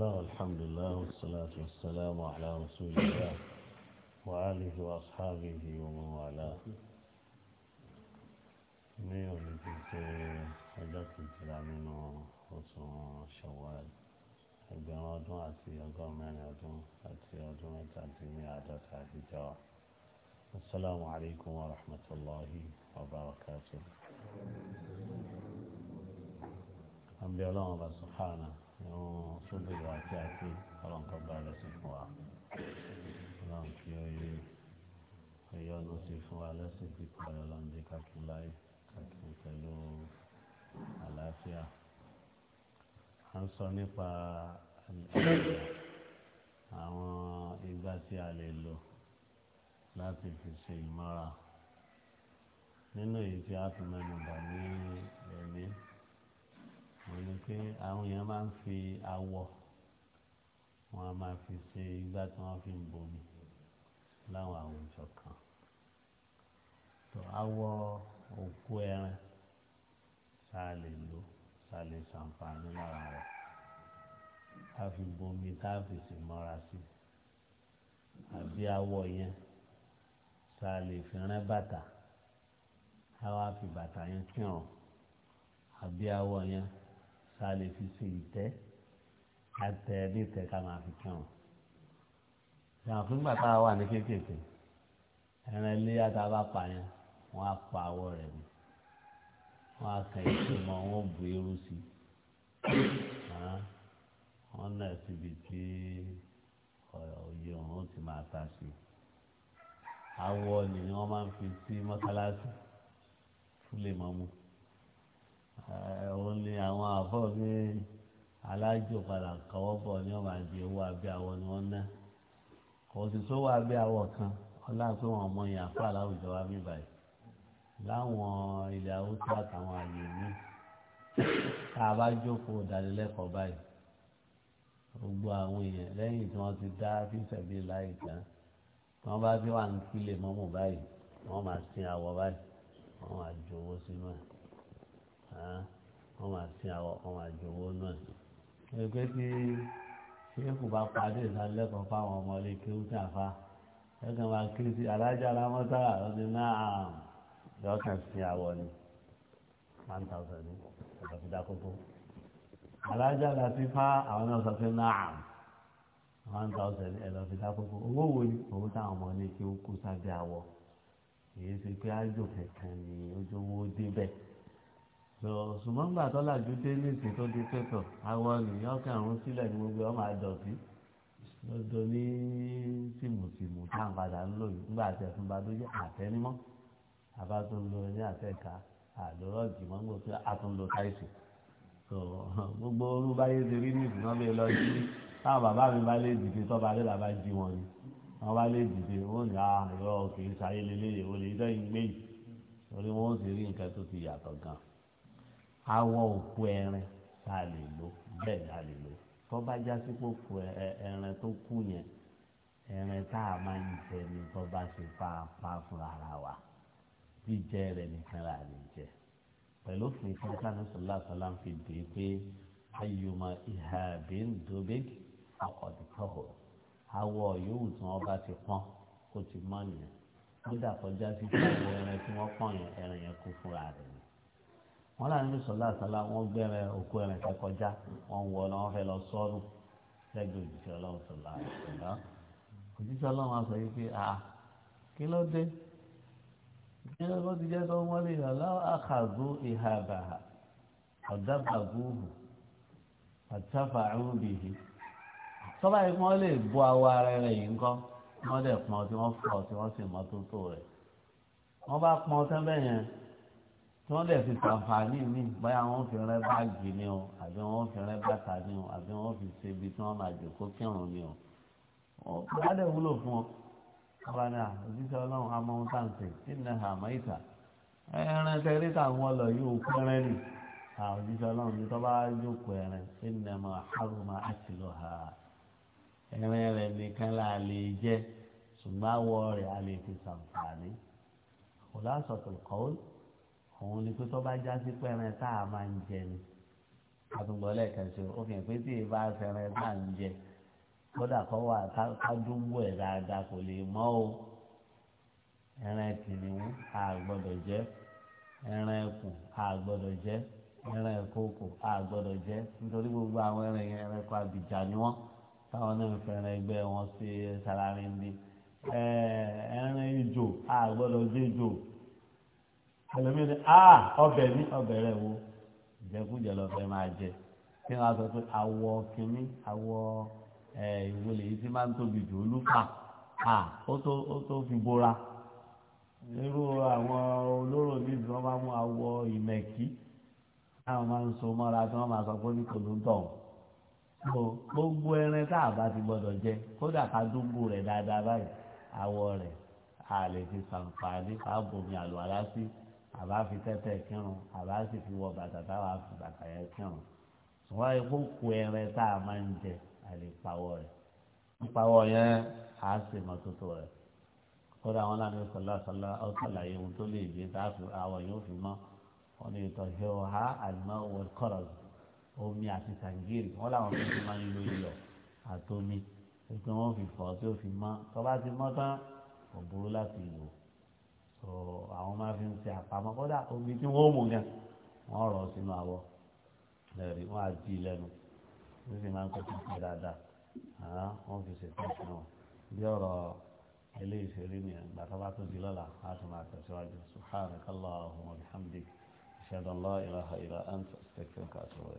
الله والحمد لله والصلاة والسلام على رسول الله وآله وأصحابه ومن والاه نيوم في حدث الكلام وصوم شوال البيان أدوان أتي أقام من أدوان أتي أدوان أتي ميادات هذه السلام عليكم ورحمة الله وبركاته أنبياء الله سبحانه irú sóbì ìwà tí a ti ọlọ́run kan bá lọ sí fún wa ọlọ́run kí ó yẹ ẹ̀yọ́ ló sì fún wa lẹ́sìn pípa ọlọ́run dé káàkiri láyé káàkiri pẹ̀lú àlàáfíà à ń sọ nípa àwọn igbá tí a lè lò láti fi ṣe ìmọ́ra nínú èyí tí a fi mẹ́nu bà ní ẹ̀mí wọ́n ní pé àwọn èèyàn máa ń fi awọ wọ́n á máa fi ṣe igbá tí wọ́n fi ń bomi láwọn àwùjọ kan tó awọ òkú ẹran sáà lè lò sáà lè ṣàǹfààní lára rẹ̀ ká fi bomi ká fi sì mọ́ra sí àbí awọ yẹn sáà lè fi rán bàtà ká wá fi bàtà yẹn kírun àbí awọ yẹn tá a lè fi ṣe ìtẹ́ àtẹ nítẹ ká máa fi kàn wọn. ìyàwó fún gbàtà wà ní kéékèèké ẹran ilé yàtọ̀ bá pa yẹn wọ́n á pa àwọ̀ rẹ̀ ni wọ́n á kàn èso mọ́ wọ́n bu irú sí i wọ́n náà síbi tí òye òun ti máa ta sí i. awọ ni wọ́n máa ń fi sí mọ́sálásí fún lè òun ni àwọn àfọ́ bí alájò padà kọ́wọ́ bọ̀ ní ọ̀rọ̀ àbí owó abẹ́ àwọn ni wọ́n ná kò sì sówó abẹ́ àwọ̀ kan ọláàpẹ́ wọn mọ ìyá àfọ́ aláwùjọ wa mí báyìí láwọn ilẹ̀ haúsá àtàwọn àyè mi tá a bá jókòó ìdánilẹ́kọ̀ọ́ báyìí gbogbo àwọn èèyàn lẹ́yìn tí wọ́n ti dá fífẹ̀mí láì tán tí wọ́n bá fi wà ní kílè mọ́mù báyìí wọ́n máa sin àwọ̀ báyìí wọ́n máa ju owó sínú ẹ̀ wọ́n máa sin àwọ̀ wọ́n máa ju owó náà. ẹgbẹ́ tí ṣéèkù bá padì ìdánilẹ́kọ̀ọ́ fáwọn ọmọ ilé kéwú tí a fa ẹ̀kan máa kiri sí alájà alámọ́tà ọdún náà yọ̀ọ̀kan sin àwọ̀ ni one thousand ní ọ̀dọ̀ fi dá kókó alájà láti fa àwọn náà sọ pé náà one thousand ẹ̀dọ̀ fi dá kókó owó wo ni owó táwọn ọmọ ilé kéwú kó sábẹ́ àwọ̀ èyí ṣe pé ájò kẹ̀kẹ́ ni ojú owó débẹ̀ so ṣùgbọ́n gbà tó làjú dé nísìnyí tó di pẹ́tọ̀ àwọn ènìyàn kẹrùn sílẹ̀ ní gbogbo ọmọ àdọ̀tí lọ́dọ̀ ní tìmùtìmù tá à ń padà ń lò yìí nígbà tí ẹ̀fún bá tó jẹ́ àtẹnumọ́ àbá tó ń lo ní àtẹ̀ká àlọ́rọ̀ jìmọ́ ń gbò pé a tún lo táìsì so gbogbo orú báyé ṣe rí nísìnyí wọ́n lè lọ sí táwọn bàbá mi bá lè dìde tọ́ bá lè làbá jí wọn ni wọ́n bá lè dìde wọ́n ní àárọ̀ kì í sáyé lélẹ́yẹ̀ olè awọ òkú ẹran tá a lè lò bẹ́ẹ̀ ni a lè lò tó bá já sí kókó ẹran tó kú yẹn ẹran tá a máa ń jẹ ni tó ṣe pa pa fún ara wa jíjẹ rẹ nìkan là lè jẹ pẹ̀lú òfin kan sanu sọlá sọlá ń fi dè é pé ayọmọ ìhà bíndóbẹ́kì ọ̀dùkọ̀ọ̀ awọ yòówù tí wọ́n bá ti pọ́n kó ti mọ́ nìyẹn nígbà tó sí kókó ẹran tí wọ́n pọ́n yẹn ẹran yẹn kú fúnra rẹ̀ ni wọn là níbi sọlá àsálà wọn gbẹrẹ òkú ẹrẹ tẹ kọjá wọn wọ ọ wọn fẹ lọ sọnù lẹ́gbẹ̀ẹ́ òjíṣẹ́ Ọlọ́run sọlá àsálà òjíṣẹ́ Ọlọ́run á sọ yìí pé a kí ló dé kí ló ti jẹ sọ wọn lè yàn láwọn àkàzó ìhà bàhà ọ̀dàbàgùhù àtàfà àrùbìhì tọ́ba yìí wọ́n lè bu awọ ara rẹ̀ yìí ńkọ́ wọ́n dẹ̀ pọn tí wọ́n fọ̀ tí wọ́n sì mọ́tótó rẹ̀ wọ́n bá pọn tán bẹ́ẹ̀ yẹn tí wọ́n dẹ̀ fi sàǹfààní mi báyà wọ́n fi rẹ́ báàgì ni o àbí wọ́n fi rẹ́ bàtà ni o àbí wọ́n fi ṣe ibi tí wọ́n máa jòkó kírun ni o ọ̀gá dẹ̀ wúlò fún ọ abada òjíṣẹ́ ọlọ́run amọ̀ntàǹtì ìnà àmọ́ìta ẹran tẹ̀lé táwọn ọlọ yóò pẹ́rẹ́ nì òjíṣẹ́ ọlọ́run ní tọ́ba jókòó ẹran ìnà mọ̀ àrùmọ̀ àti lọ ha ẹran rẹ̀ nìkan là lè jẹ́ ṣùgbọ́n àwọ̀ rẹ̀ a lè fi sàǹfààní kò lásọ̀tò kọ́ọ́lù òun ni pé tó bá já sí pẹ́rẹ́ tá a máa ń jẹ ni àtúgbọ́ lẹ́ẹ̀kan sí o fi hàn pé tí ìbá fẹ́rẹ́ tá ń jẹ kódà kọ́ wà kádúgbò ẹ̀ dáadáa kò lè mọ́ o ẹran kìnìún a gbọ́dọ̀ jẹ ẹran ẹkùn a gbọ́dọ̀ jẹ ẹran ìkókò a gbọ́dọ̀ jẹ nítorí gbogbo àwọn ẹran yẹn ẹran ẹkọ àbíjà ni wọn táwọn náà ń fẹ́ràn wọn sí sàlárin bí ẹran ìjò a gbọ́dọ̀ jẹ ìjò ẹlòmíì ni a ọbẹ̀ ní ọbẹ̀ rẹ̀ wo ìjẹkújẹ lọ́bẹ̀ máa jẹ kí wọ́n á sọ pé awọ kínní awọ ìwo lèyí tí máa ń tóbi jù olúfà a ó tó fi bóra irú àwọn olóró ní ìdí wọn máa mú awọ ìmẹ̀kí táwọn máa ń so mọ́ra tí wọ́n máa sọ pé ní kòlóńtọ̀ gbogbo ẹran tá a bá ti gbọdọ̀ jẹ kódà ká dúgbò rẹ̀ dáadáa báyìí awọ rẹ̀ a lè fi sàǹfààní ká bomi àlùwàlá sí àbá fi tẹ́tẹ́ kírun àbá sì fi wọ bàtà táwa fi bàtà yẹn kírun ṣùgbọ́n ikú ku ẹrẹ tá a máa ń jẹ àlè pawọ́ rẹ̀ pípawọ́ yẹn à á sì mọ tótó rẹ̀ kódà wọn láti sọlá sọlá ọsàlà yẹn ohun tó lè gbé tá àwọ̀ yẹn ó fi mọ́ wọn lè tọ́ ṣe ọ ha àlùmọ́ wọ kọ́rọ̀ omi àti sàngírì wọn làwọn fi máa ń lo iyọ̀ àtomi pé wọn fi fọ́ tí ó fi mọ́ tọ́ bá ti mọ́ tán kò burú láti lò so àwọn máa fi ń ṣe àpamọ́ kódà omi tí wọ́n mú yẹn wọ́n rọ̀ sínú awọ lẹ́rìí wọ́n á di lẹ́nu wọ́n sì máa ń kọ́ títí dáadáa àá wọ́n fi ṣètò ìṣúná wọn bí ọ̀rọ̀ eléyìí ṣe rí nìyẹn tó bá tó di lọ́la á tún máa tẹ̀síwájú subhanakallahumma wa bihamdik ashhadu an la ilaha illa anta astaghfiruka wa atubu